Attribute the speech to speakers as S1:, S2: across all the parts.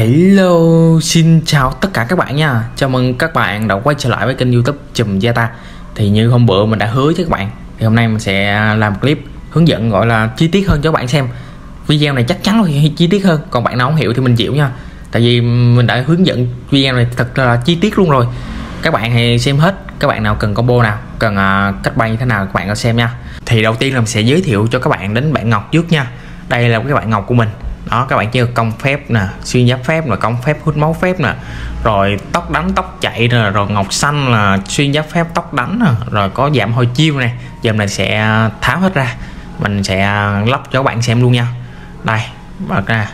S1: Hello, xin chào tất cả các bạn nha Chào mừng các bạn đã quay trở lại với kênh youtube Chùm Gia Ta Thì như hôm bữa mình đã hứa với các bạn Thì hôm nay mình sẽ à, làm clip hướng dẫn gọi là chi tiết hơn cho các bạn xem Video này chắc chắn là chi tiết hơn Còn bạn nào không hiểu thì mình chịu nha Tại vì mình đã hướng dẫn video này thật là chi tiết luôn rồi Các bạn hãy xem hết Các bạn nào cần combo nào Cần à, cách bay như thế nào các bạn có xem nha Thì đầu tiên là mình sẽ giới thiệu cho các bạn đến bạn Ngọc trước nha Đây là cái bạn Ngọc của mình đó các bạn chưa công phép nè xuyên giáp phép là công phép hút máu phép nè rồi tóc đánh tóc chạy nè rồi ngọc xanh là xuyên giáp phép tóc đánh nè rồi có giảm hồi chiêu này giờ này sẽ tháo hết ra mình sẽ lắp cho các bạn xem luôn nha đây bật ra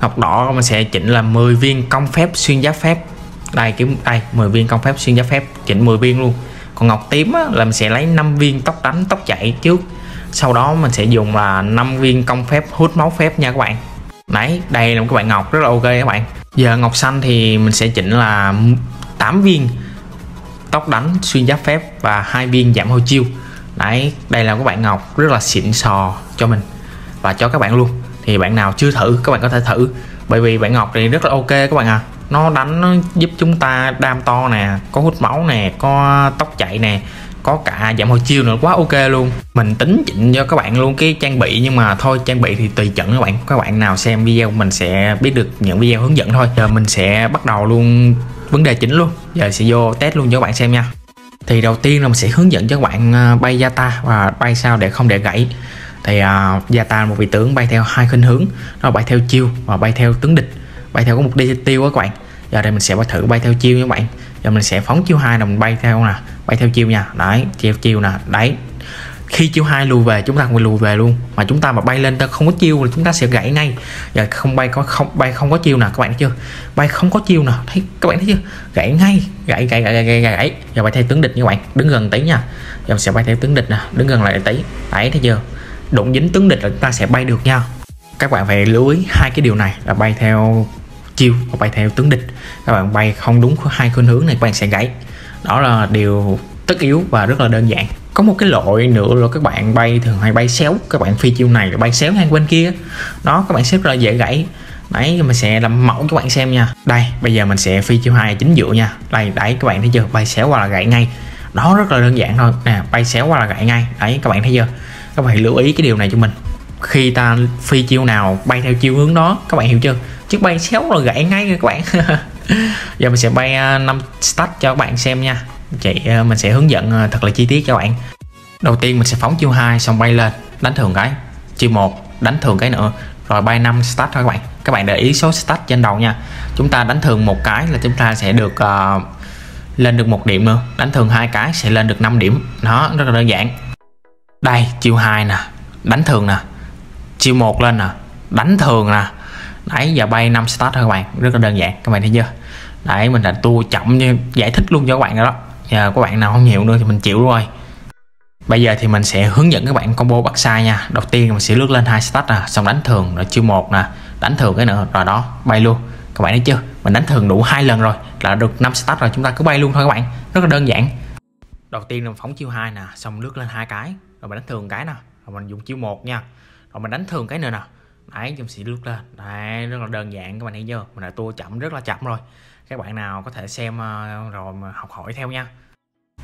S1: ngọc đỏ mình sẽ chỉnh là 10 viên công phép xuyên giáp phép đây kiếm đây 10 viên công phép xuyên giáp phép chỉnh 10 viên luôn còn ngọc tím á, là mình sẽ lấy 5 viên tóc đánh tóc chạy trước sau đó mình sẽ dùng là 5 viên công phép hút máu phép nha các bạn đấy đây là một cái bạn ngọc rất là ok các bạn giờ ngọc xanh thì mình sẽ chỉnh là 8 viên tóc đánh xuyên giáp phép và hai viên giảm hồi chiêu đấy đây là các bạn ngọc rất là xịn sò cho mình và cho các bạn luôn thì bạn nào chưa thử các bạn có thể thử bởi vì bạn ngọc thì rất là ok các bạn à nó đánh nó giúp chúng ta đam to nè có hút máu nè có tóc chạy nè có cả giảm hồi chiêu nữa quá ok luôn mình tính chỉnh cho các bạn luôn cái trang bị nhưng mà thôi trang bị thì tùy chuẩn các bạn các bạn nào xem video mình sẽ biết được những video hướng dẫn thôi giờ mình sẽ bắt đầu luôn vấn đề chính luôn giờ sẽ vô test luôn cho các bạn xem nha thì đầu tiên là mình sẽ hướng dẫn cho các bạn à, bay Yata và bay sao để không để gãy thì uh, à, Yata là một vị tướng bay theo hai khinh hướng nó bay theo chiêu và bay theo tướng địch bay theo có một đi tiêu các bạn giờ đây mình sẽ bay thử bay theo chiêu nha các bạn giờ mình sẽ phóng chiêu hai là mình bay theo nè bay theo chiều nha đấy chiều chiều nè đấy khi chiều hai lùi về chúng ta cũng lùi về luôn mà chúng ta mà bay lên ta không có chiêu thì chúng ta sẽ gãy ngay giờ dạ, không bay có không bay không có chiêu nè các bạn thấy chưa bay không có chiêu nè, thấy các bạn thấy chưa gãy ngay gãy gãy gãy gãy gãy, gãy. giờ bay theo tướng địch như bạn đứng gần tí nha giờ sẽ bay theo tướng địch nè đứng gần lại tí đấy thấy chưa đụng dính tướng địch là chúng ta sẽ bay được nha các bạn phải lưu ý hai cái điều này là bay theo chiêu và bay theo tướng địch các bạn bay không đúng hai khuynh hướng này các bạn sẽ gãy đó là điều tất yếu và rất là đơn giản có một cái loại nữa là các bạn bay thường hay bay xéo các bạn phi chiêu này bay xéo sang bên kia đó các bạn xếp ra dễ gãy đấy mình sẽ làm mẫu cho các bạn xem nha đây bây giờ mình sẽ phi chiêu hai chính giữa nha đây đấy các bạn thấy chưa bay xéo qua là gãy ngay đó rất là đơn giản thôi nè bay xéo qua là gãy ngay đấy các bạn thấy chưa các bạn lưu ý cái điều này cho mình khi ta phi chiêu nào bay theo chiêu hướng đó các bạn hiểu chưa chứ bay xéo là gãy ngay các bạn giờ mình sẽ bay 5 à, stat cho các bạn xem nha chị à, mình sẽ hướng dẫn à, thật là chi tiết cho bạn đầu tiên mình sẽ phóng chiêu 2 xong bay lên đánh thường cái chiêu 1 đánh thường cái nữa rồi bay 5 stat thôi các bạn các bạn để ý số stat trên đầu nha chúng ta đánh thường một cái là chúng ta sẽ được uh, lên được một điểm nữa đánh thường hai cái sẽ lên được 5 điểm nó rất là đơn giản đây chiêu 2 nè đánh thường nè chiêu 1 lên nè đánh thường nè đấy giờ bay 5 start thôi các bạn rất là đơn giản các bạn thấy chưa đấy mình là tua chậm như giải thích luôn cho các bạn rồi đó giờ các bạn nào không hiểu nữa thì mình chịu rồi Bây giờ thì mình sẽ hướng dẫn các bạn combo bắt sai nha. Đầu tiên mình sẽ lướt lên hai start nè, xong đánh thường là chiêu một nè, đánh thường cái nữa rồi đó, bay luôn. Các bạn thấy chưa? Mình đánh thường đủ hai lần rồi là được 5 start rồi chúng ta cứ bay luôn thôi các bạn. Rất là đơn giản. Đầu tiên là phóng chiêu hai nè, xong lướt lên hai cái, rồi mình đánh thường cái nè, rồi mình dùng chiêu một nha. Rồi mình đánh thường cái nữa nè, đấy chúng sẽ lướt lên đấy rất là đơn giản các bạn thấy chưa mình là tua chậm rất là chậm rồi các bạn nào có thể xem ờ, rồi mà học hỏi theo nha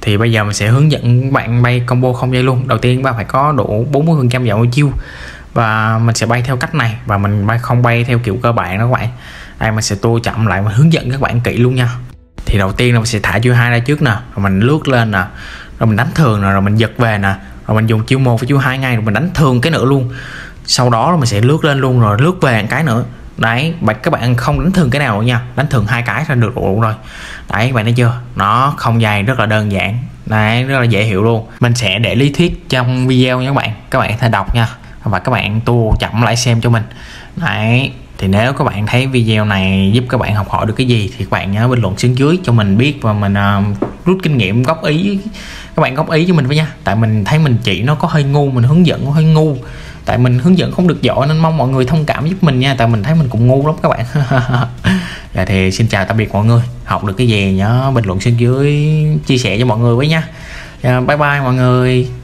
S1: thì bây giờ mình sẽ hướng dẫn bạn bay combo không dây luôn đầu tiên bạn phải có đủ 40 phần trăm dạo chiêu và mình sẽ bay theo cách này và mình bay không bay theo kiểu cơ bản đó các bạn đây mình sẽ tua chậm lại mình hướng dẫn các bạn kỹ luôn nha thì đầu tiên là mình sẽ thả chiêu hai ra trước nè rồi mình lướt lên nè rồi mình đánh thường nè rồi mình giật về nè rồi mình dùng chiêu một với chiêu hai ngay rồi mình đánh thường cái nữa luôn sau đó mình sẽ lướt lên luôn rồi lướt về một cái nữa đấy bạn các bạn không đánh thường cái nào nha đánh thường hai cái là được đủ rồi đấy các bạn thấy chưa nó không dài rất là đơn giản đấy rất là dễ hiểu luôn mình sẽ để lý thuyết trong video nha các bạn các bạn có thể đọc nha và các bạn tu chậm lại xem cho mình đấy thì nếu các bạn thấy video này giúp các bạn học hỏi được cái gì thì các bạn nhớ bình luận xuống dưới cho mình biết và mình uh, rút kinh nghiệm góp ý các bạn góp ý cho mình với nha tại mình thấy mình chỉ nó có hơi ngu mình hướng dẫn nó hơi ngu tại mình hướng dẫn không được giỏi nên mong mọi người thông cảm giúp mình nha tại mình thấy mình cũng ngu lắm các bạn dạ thì xin chào tạm biệt mọi người học được cái gì nhớ bình luận xuống dưới chia sẻ cho mọi người với nha dạ, bye bye mọi người